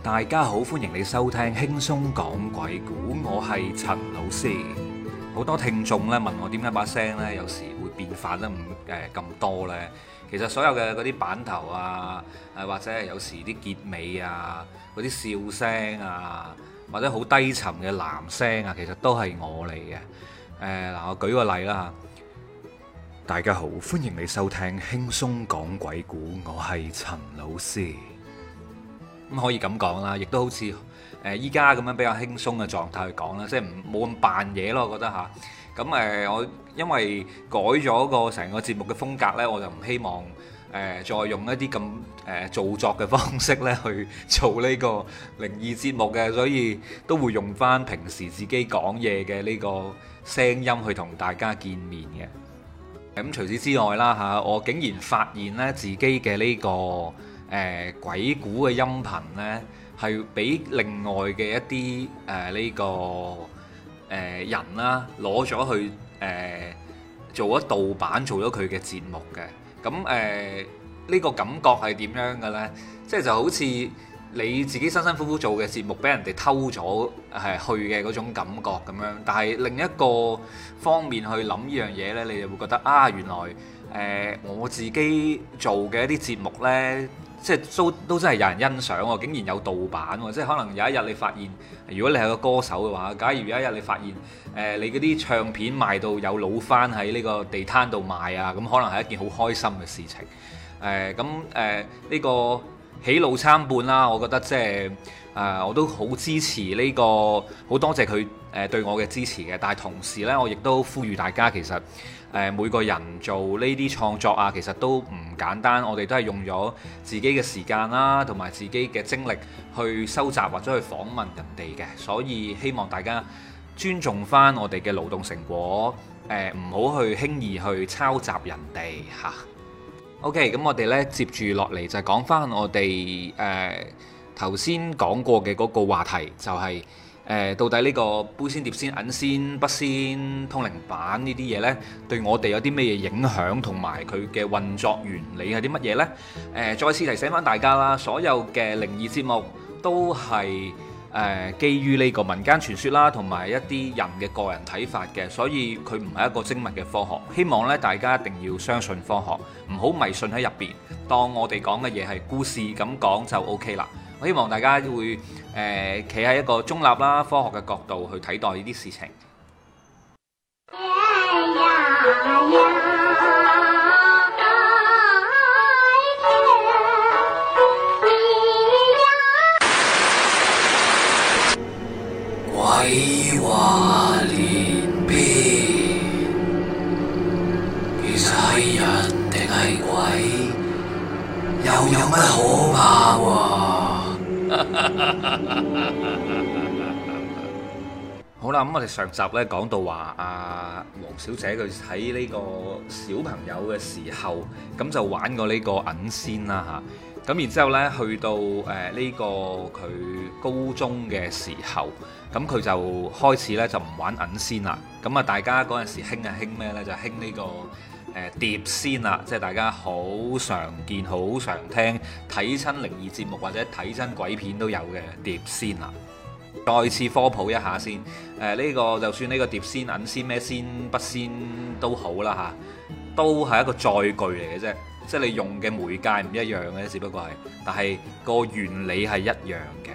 大家好，歡迎你收聽輕鬆講鬼故，我係陳老師。好多聽眾咧問我點解把聲咧有時會變化得唔誒咁多咧？其實所有嘅嗰啲版頭啊，誒或者係有時啲結尾啊，嗰啲笑聲啊，或者好低沉嘅男聲啊，其實都係我嚟嘅。誒嗱，我舉個例啦吓。大家好，歡迎你收聽輕鬆講鬼故，我係陳老師。咁可以咁講啦，亦都好似誒依家咁樣比較輕鬆嘅狀態去講啦，即係唔冇咁扮嘢咯，我覺得嚇。咁誒，我因為改咗個成個節目嘅風格呢，我就唔希望誒再用一啲咁誒造作嘅方式呢去做呢個靈異節目嘅，所以都會用翻平時自己講嘢嘅呢個聲音去同大家見面嘅。咁除此之外啦嚇，我竟然發現呢自己嘅呢個。誒、呃、鬼故嘅音頻呢，係俾另外嘅一啲誒呢個誒、呃、人啦攞咗去誒、呃、做咗盜版，做咗佢嘅節目嘅。咁誒呢個感覺係點樣嘅呢？即、就、係、是、就好似你自己辛辛苦苦做嘅節目，俾人哋偷咗係去嘅嗰種感覺咁樣。但係另一個方面去諗呢樣嘢呢，你就會覺得啊，原來誒、呃、我自己做嘅一啲節目呢。」即係都都真係有人欣賞喎、哦，竟然有盜版喎、哦，即係可能有一日你發現，如果你係個歌手嘅話，假如有一日你發現，誒、呃、你嗰啲唱片賣到有老翻喺呢個地攤度賣啊，咁、嗯、可能係一件好開心嘅事情。誒咁誒呢個喜怒參半啦，我覺得即係誒、呃、我都好支持呢、這個，好多謝佢誒、呃、對我嘅支持嘅，但係同時呢，我亦都呼籲大家其實。誒每個人做呢啲創作啊，其實都唔簡單，我哋都係用咗自己嘅時間啦，同埋自己嘅精力去收集或者去訪問人哋嘅，所以希望大家尊重翻我哋嘅勞動成果，誒唔好去輕易去抄襲人哋嚇。OK，咁我哋呢接住落嚟就係講翻我哋誒頭先講過嘅嗰個話題，就係。誒，到底呢個杯仙、碟仙、銀仙、筆仙、通靈板呢啲嘢呢，對我哋有啲咩嘢影響，同埋佢嘅運作原理係啲乜嘢呢？誒、呃，再次提醒翻大家啦，所有嘅靈異節目都係、呃、基於呢個民間傳說啦，同埋一啲人嘅個人睇法嘅，所以佢唔係一個精密嘅科學。希望呢大家一定要相信科學，唔好迷信喺入邊。當我哋講嘅嘢係故事咁講就 OK 啦。我希望大家會誒企喺一個中立啦、科學嘅角度去睇待呢啲事情。哎咁我哋上集咧講到話阿黃小姐佢喺呢個小朋友嘅時候，咁、嗯、就玩過呢個銀仙啦吓，咁、啊、然之後呢，去到誒呢、呃這個佢高中嘅時候，咁、嗯、佢就開始呢，就唔玩銀仙啦。咁、嗯、啊，大家嗰陣時興啊興咩呢？就興呢、這個誒碟仙啦，即係大家好常見、好常聽睇親靈異節目或者睇親鬼片都有嘅碟仙啦。再次科普一下先，誒、呃、呢、這個就算呢個碟仙、銀仙、咩仙、筆仙都好啦吓、啊，都係一個載具嚟嘅啫，即、就、係、是、你用嘅媒介唔一樣嘅，只不過係，但係個原理係一樣嘅。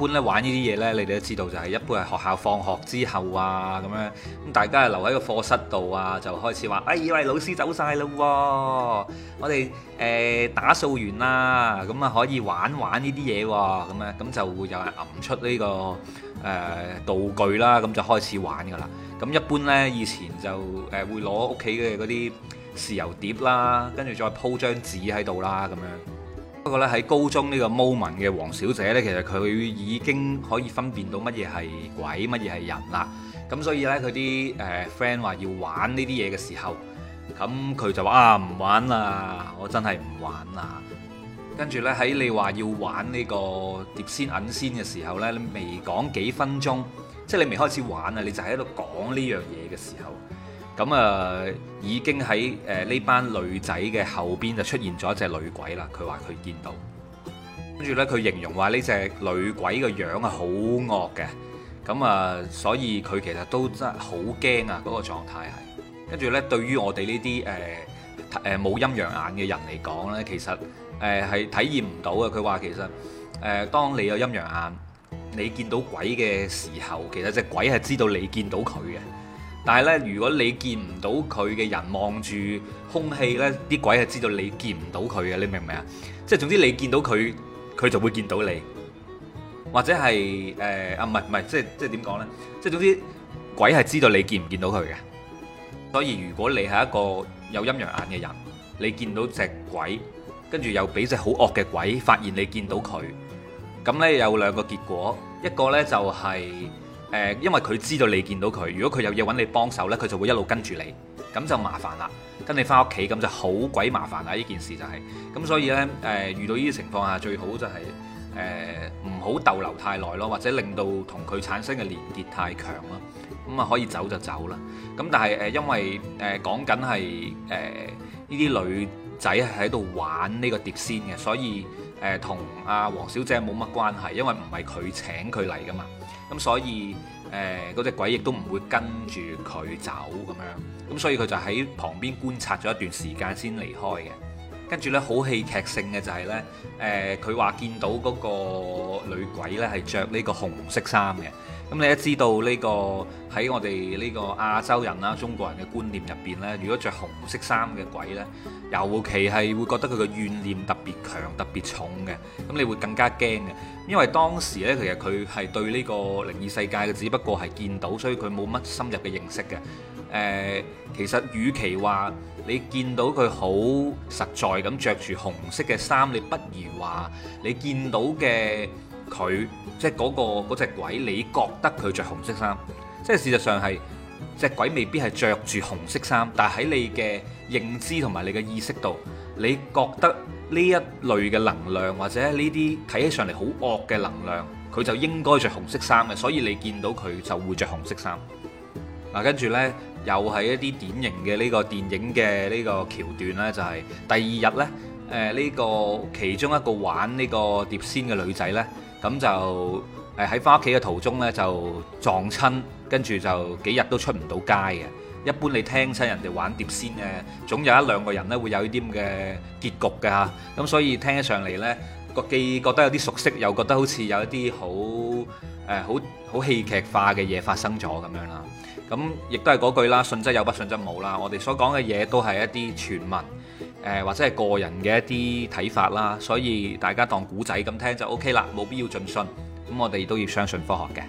一般咧玩呢啲嘢呢，你哋都知道就係一般係學校放學之後啊咁樣，咁大家係留喺個課室度啊，就開始話：哎以喂，老師走晒嘞喎！我哋誒、呃、打掃完啦，咁啊可以玩玩呢啲嘢喎，咁咧咁就會有人揞出呢、呢個誒、呃、道具啦，咁就開始玩㗎啦。咁一般呢，以前就誒、呃、會攞屋企嘅嗰啲豉油碟啦，跟住再鋪張紙喺度啦咁樣。不過咧，喺高中呢個 moment 嘅黃小姐呢，其實佢已經可以分辨到乜嘢係鬼，乜嘢係人啦。咁所以呢，佢啲誒 friend 話要玩呢啲嘢嘅時候，咁佢就話啊，唔玩啦，我真係唔玩啦。跟住呢，喺你話要玩呢個碟仙銀仙嘅時候呢，你未講幾分鐘，即係你未開始玩啊，你就喺度講呢樣嘢嘅時候。咁啊，已經喺誒呢班女仔嘅後邊就出現咗一隻女鬼啦。佢話佢見到，跟住呢，佢形容話呢隻女鬼嘅樣係好惡嘅，咁啊所以佢其實都真係好驚啊嗰，那個狀態係。跟住呢，對於我哋呢啲誒誒冇陰陽眼嘅人嚟講呢，其實誒係體驗唔到嘅。佢話其實誒、呃、當你有陰陽眼，你見到鬼嘅時候，其實隻鬼係知道你見到佢嘅。但係咧，如果你見唔到佢嘅人望住空氣咧，啲鬼係知道你見唔到佢嘅，你明唔明啊？即係總之你見到佢，佢就會見到你，或者係誒、呃、啊唔係唔係，即係即係點講呢？即係總之鬼係知道你見唔見到佢嘅。所以如果你係一個有陰陽眼嘅人，你見到隻鬼，跟住又俾隻好惡嘅鬼發現你見到佢，咁呢有兩個結果，一個呢就係、是。誒，因為佢知道你見到佢，如果佢有嘢揾你幫手呢，佢就會一路跟住你，咁就麻煩啦。跟你翻屋企咁就好鬼麻煩啦，呢件事就係、是。咁所以呢，誒、呃，遇到呢啲情況下，最好就係誒唔好逗留太耐咯，或者令到同佢產生嘅連結太強咯。咁啊，可以走就走啦。咁但係誒、呃，因為誒講緊係誒呢啲女仔喺度玩呢個碟仙嘅，所以。誒同阿黃小姐冇乜關係，因為唔係佢請佢嚟㗎嘛，咁所以誒嗰隻鬼亦都唔會跟住佢走咁樣，咁所以佢就喺旁邊觀察咗一段時間先離開嘅。跟住咧，好戲劇性嘅就係呢。誒、呃，佢話見到嗰個女鬼呢，係着呢個紅色衫嘅。咁你都知道呢個喺我哋呢個亞洲人啦、中國人嘅觀念入邊呢，如果着紅色衫嘅鬼呢，尤其係會覺得佢嘅怨念特別強、特別重嘅，咁你會更加驚嘅。因為當時呢，其實佢係對呢個靈異世界嘅，只不過係見到，所以佢冇乜深入嘅認識嘅。誒、呃，其實與其話，你見到佢好實在咁着住紅色嘅衫，你不如話你見到嘅佢，即係嗰個嗰隻、那個、鬼，你覺得佢、那個、着紅色衫，即係事實上係隻鬼未必係着住紅色衫，但係喺你嘅認知同埋你嘅意識度，你覺得呢一類嘅能量或者呢啲睇起上嚟好惡嘅能量，佢就應該着紅色衫嘅，所以你見到佢就會着紅色衫。嗱，跟住呢，又係一啲典型嘅呢個電影嘅呢個橋段呢就係第二日呢，誒呢個其中一個玩呢個碟仙嘅女仔呢，咁就誒喺翻屋企嘅途中呢，就撞親，跟住就幾日都出唔到街嘅。一般你聽親人哋玩碟仙嘅，總有一兩個人呢會有呢啲咁嘅結局嘅嚇。咁所以聽起上嚟呢，既覺得有啲熟悉，又覺得好似有一啲好誒好好戲劇化嘅嘢發生咗咁樣啦。咁亦都係嗰句啦，信則有，不信則冇啦，我哋所講嘅嘢都係一啲傳聞，誒、呃、或者係個人嘅一啲睇法啦，所以大家當古仔咁聽就 OK 啦，冇必要盡信。咁我哋都要相信科學嘅。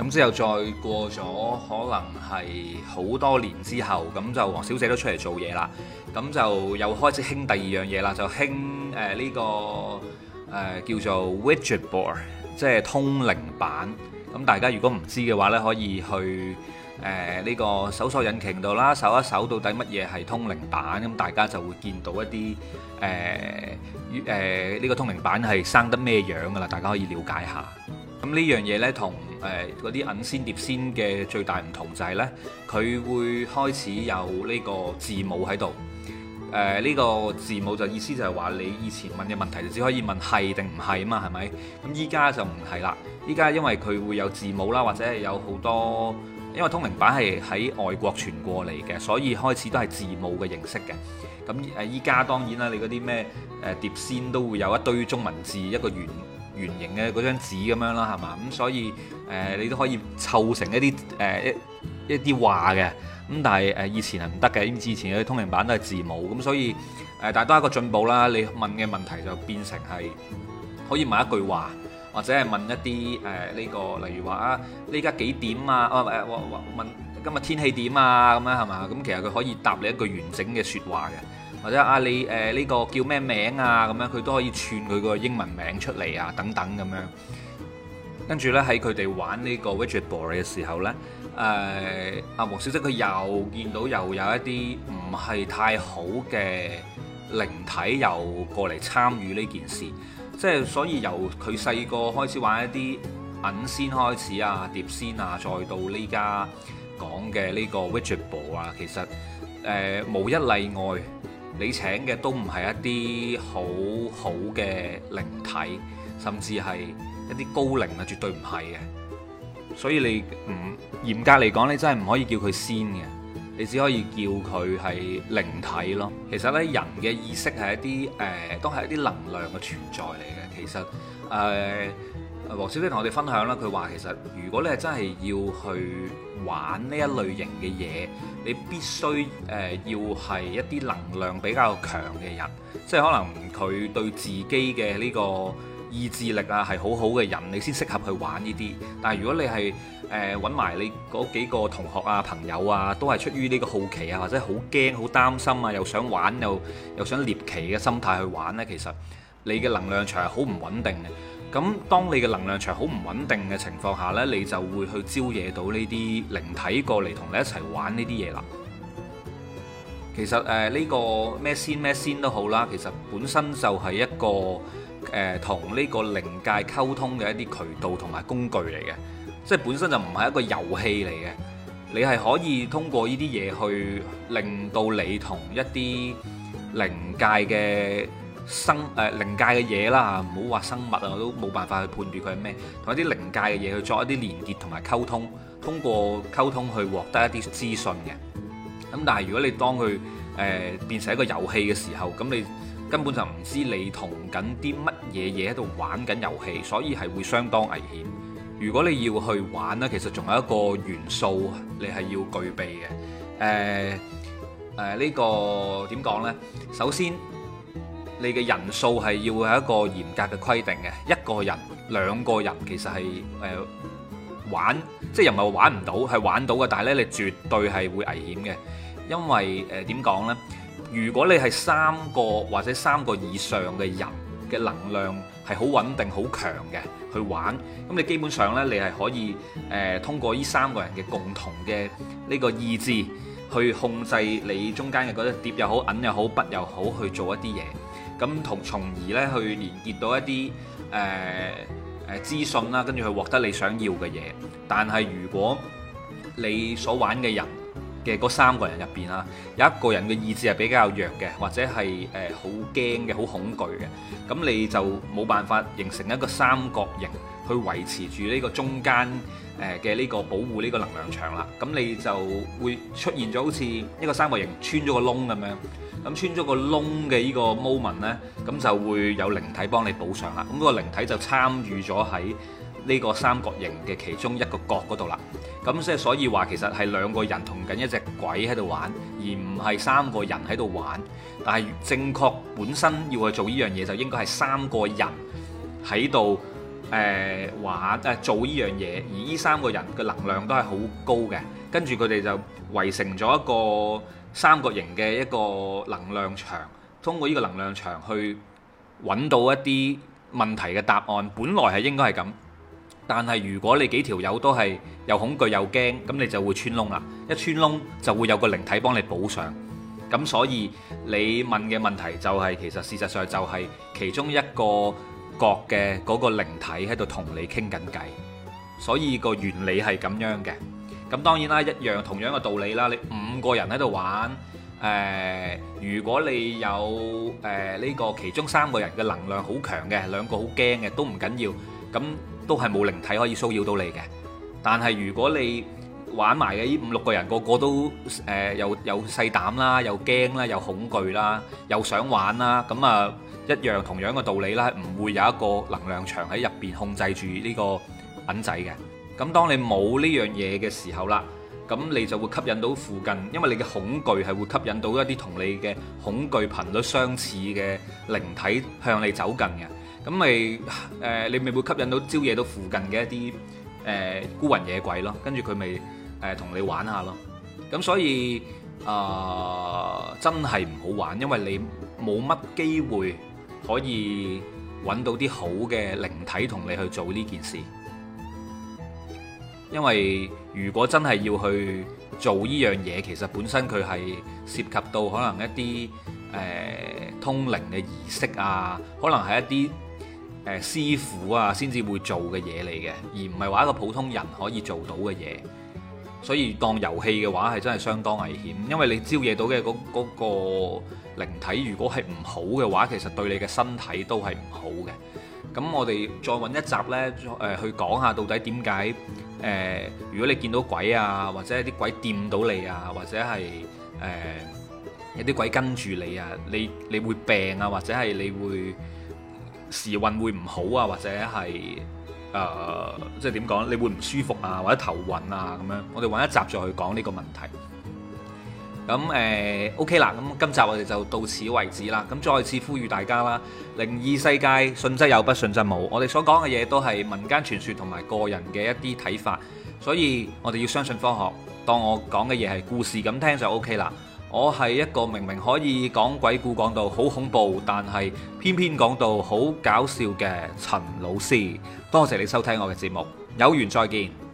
咁之後再過咗可能係好多年之後，咁就黃小姐都出嚟做嘢啦，咁就又開始興第二樣嘢啦，就興誒呢個誒、呃、叫做 Widget Board，即係通靈版。咁大家如果唔知嘅話呢，可以去誒呢、呃、這個搜索引擎度啦，搜一搜到底乜嘢係通靈板，咁，大家就會見到一啲誒誒呢個通靈板係生得咩樣噶啦，大家可以了解下。咁呢樣嘢呢，同誒嗰啲銀仙碟仙嘅最大唔同就係、是、呢，佢會開始有呢個字母喺度。誒、呃、呢、這個字母就意思就係話你以前問嘅問題就只可以問係定唔係啊嘛，係咪咁？依、嗯、家就唔係啦。依家因為佢會有字母啦，或者係有好多。因為通靈板係喺外國傳過嚟嘅，所以開始都係字母嘅形式嘅。咁誒依家當然啦，你嗰啲咩誒碟仙都會有一堆中文字，一個圓圓形嘅嗰張紙咁樣啦，係嘛？咁所以誒、呃、你都可以湊成一啲誒、呃、一一啲話嘅。咁但係誒以前係唔得嘅，因之前嗰啲通靈板都係字母，咁所以誒、呃、但係都一個進步啦。你問嘅問題就變成係可以問一句話。或者係問一啲誒呢個，例如話啊，呢家幾點啊？哦誒，我問今日天氣點啊？咁樣係、啊、嘛？咁、嗯、其實佢可以答你一句完整嘅説話嘅。或者啊，你誒呢、呃這個叫咩名啊？咁樣佢都可以串佢個英文名出嚟啊，等等咁樣。跟住呢，喺佢哋玩呢個 vegetable 嘅時候呢，誒阿黃小姐佢又見到又有一啲唔係太好嘅靈體又過嚟參與呢件事。即係所以由佢細個開始玩一啲銀仙開始啊，碟仙啊，再到呢家講嘅呢個 witchable 啊，其實誒、呃、無一例外，你請嘅都唔係一啲好好嘅靈體，甚至係一啲高靈啊，絕對唔係嘅。所以你唔嚴格嚟講，你真係唔可以叫佢仙嘅。你只可以叫佢係靈體咯。其實呢，人嘅意識係一啲誒、呃，都係一啲能量嘅存在嚟嘅。其實誒，呃、黃小姐同我哋分享啦，佢話其實如果你係真係要去玩呢一類型嘅嘢，你必須誒、呃、要係一啲能量比較強嘅人，即係可能佢對自己嘅呢個。意志力啊，係好好嘅人，你先適合去玩呢啲。但係如果你係誒揾埋你嗰幾個同學啊、朋友啊，都係出於呢個好奇啊，或者好驚、好擔心啊，又想玩又又想獵奇嘅心態去玩呢，其實你嘅能量場係好唔穩定嘅。咁當你嘅能量場好唔穩定嘅情況下呢，你就會去招惹到呢啲靈體過嚟同你一齊玩呢啲嘢啦。其實誒呢、呃這個咩仙咩仙都好啦，其實本身就係一個。誒同呢個靈界溝通嘅一啲渠道同埋工具嚟嘅，即係本身就唔係一個遊戲嚟嘅。你係可以通過呢啲嘢去令到你同一啲靈界嘅生誒、呃、靈界嘅嘢啦唔好話生物啦，我都冇辦法去判別佢係咩，同一啲靈界嘅嘢去作一啲連結同埋溝通，通過溝通去獲得一啲資訊嘅。咁但係如果你當佢誒、呃、變成一個遊戲嘅時候，咁你根本就唔知你同緊啲乜嘢嘢喺度玩緊遊戲，所以係會相當危險。如果你要去玩呢，其實仲有一個元素你係要具備嘅。誒、呃、誒，呢、呃呢個點講呢？首先，你嘅人數係要有一個嚴格嘅規定嘅，一個人、兩個人其實係誒、呃、玩，即係又唔係話玩唔到，係玩到嘅。但係咧，你絕對係會危險嘅，因為誒點講呢？如果你係三個或者三個以上嘅人嘅能量係好穩定、好強嘅，去玩，咁你基本上呢，你係可以誒、呃、通過呢三個人嘅共同嘅呢、這個意志去控制你中間嘅嗰啲碟又好、銀又好、筆又好去做一啲嘢，咁同從而呢，去連結到一啲誒誒資訊啦，跟、呃、住去獲得你想要嘅嘢。但係如果你所玩嘅人，嘅嗰三個人入邊啦，有一個人嘅意志係比較弱嘅，或者係誒好驚嘅、好恐懼嘅，咁你就冇辦法形成一個三角形去維持住呢個中間誒嘅呢個保護呢個能量場啦。咁你就會出現咗好似一個三角形穿咗個窿咁樣，咁穿咗個窿嘅呢個 moment 呢，咁就會有靈體幫你補償啦。咁嗰個靈體就參與咗喺呢個三角形嘅其中一個角嗰度啦，咁即係所以話其實係兩個人同緊一隻鬼喺度玩，而唔係三個人喺度玩。但係正確本身要去做呢樣嘢，就應該係三個人喺度誒玩誒、啊、做呢樣嘢，而呢三個人嘅能量都係好高嘅。跟住佢哋就圍成咗一個三角形嘅一個能量場，通過呢個能量場去揾到一啲問題嘅答案。本來係應該係咁。但係如果你幾條友都係又恐懼又驚，咁你就會穿窿啦！一穿窿就會有個靈體幫你補上。咁所以你問嘅問題就係、是、其實事實上就係其中一個角嘅嗰個靈體喺度同你傾緊偈。所以個原理係咁樣嘅。咁當然啦，一樣同樣嘅道理啦。你五個人喺度玩，誒、呃，如果你有誒呢、呃這個其中三個人嘅能量好強嘅，兩個好驚嘅都唔緊要，要，咁。都係冇靈體可以騷擾到你嘅。但係如果你玩埋嘅呢五六個人，個個都誒又有細膽啦，又驚啦，又恐懼啦，又想玩啦，咁啊，一樣同樣嘅道理啦，唔會有一個能量場喺入邊控制住呢個銀仔嘅。咁當你冇呢樣嘢嘅時候啦，咁你就會吸引到附近，因為你嘅恐懼係會吸引到一啲同你嘅恐懼頻率相似嘅靈體向你走近嘅。咁咪誒你咪會吸引到招惹到附近嘅一啲誒、呃、孤魂野鬼咯，跟住佢咪誒同你玩下咯。咁所以啊、呃，真係唔好玩，因為你冇乜機會可以揾到啲好嘅靈體同你去做呢件事。因為如果真係要去做呢樣嘢，其實本身佢係涉及到可能一啲誒、呃、通靈嘅儀式啊，可能係一啲。誒、呃、師傅啊，先至會做嘅嘢嚟嘅，而唔係話一個普通人可以做到嘅嘢。所以當遊戲嘅話，係真係相當危險，因為你招惹到嘅嗰嗰個靈體，如果係唔好嘅話，其實對你嘅身體都係唔好嘅。咁我哋再揾一集呢，呃、去講下到底點解誒，如果你見到鬼啊，或者啲鬼掂到你啊，或者係誒、呃、有啲鬼跟住你啊，你你會病啊，或者係你會。時運會唔好啊，或者係誒、呃，即係點講？你會唔舒服啊，或者頭暈啊咁樣。我哋揾一集再去講呢個問題。咁誒、呃，OK 啦。咁今集我哋就到此為止啦。咁再次呼籲大家啦，靈異世界，信則有，不信則無。我哋所講嘅嘢都係民間傳說同埋個人嘅一啲睇法，所以我哋要相信科學。當我講嘅嘢係故事咁聽就 OK 啦。我係一個明明可以講鬼故講到好恐怖，但係偏偏講到好搞笑嘅陳老師。多謝你收聽我嘅節目，有緣再見。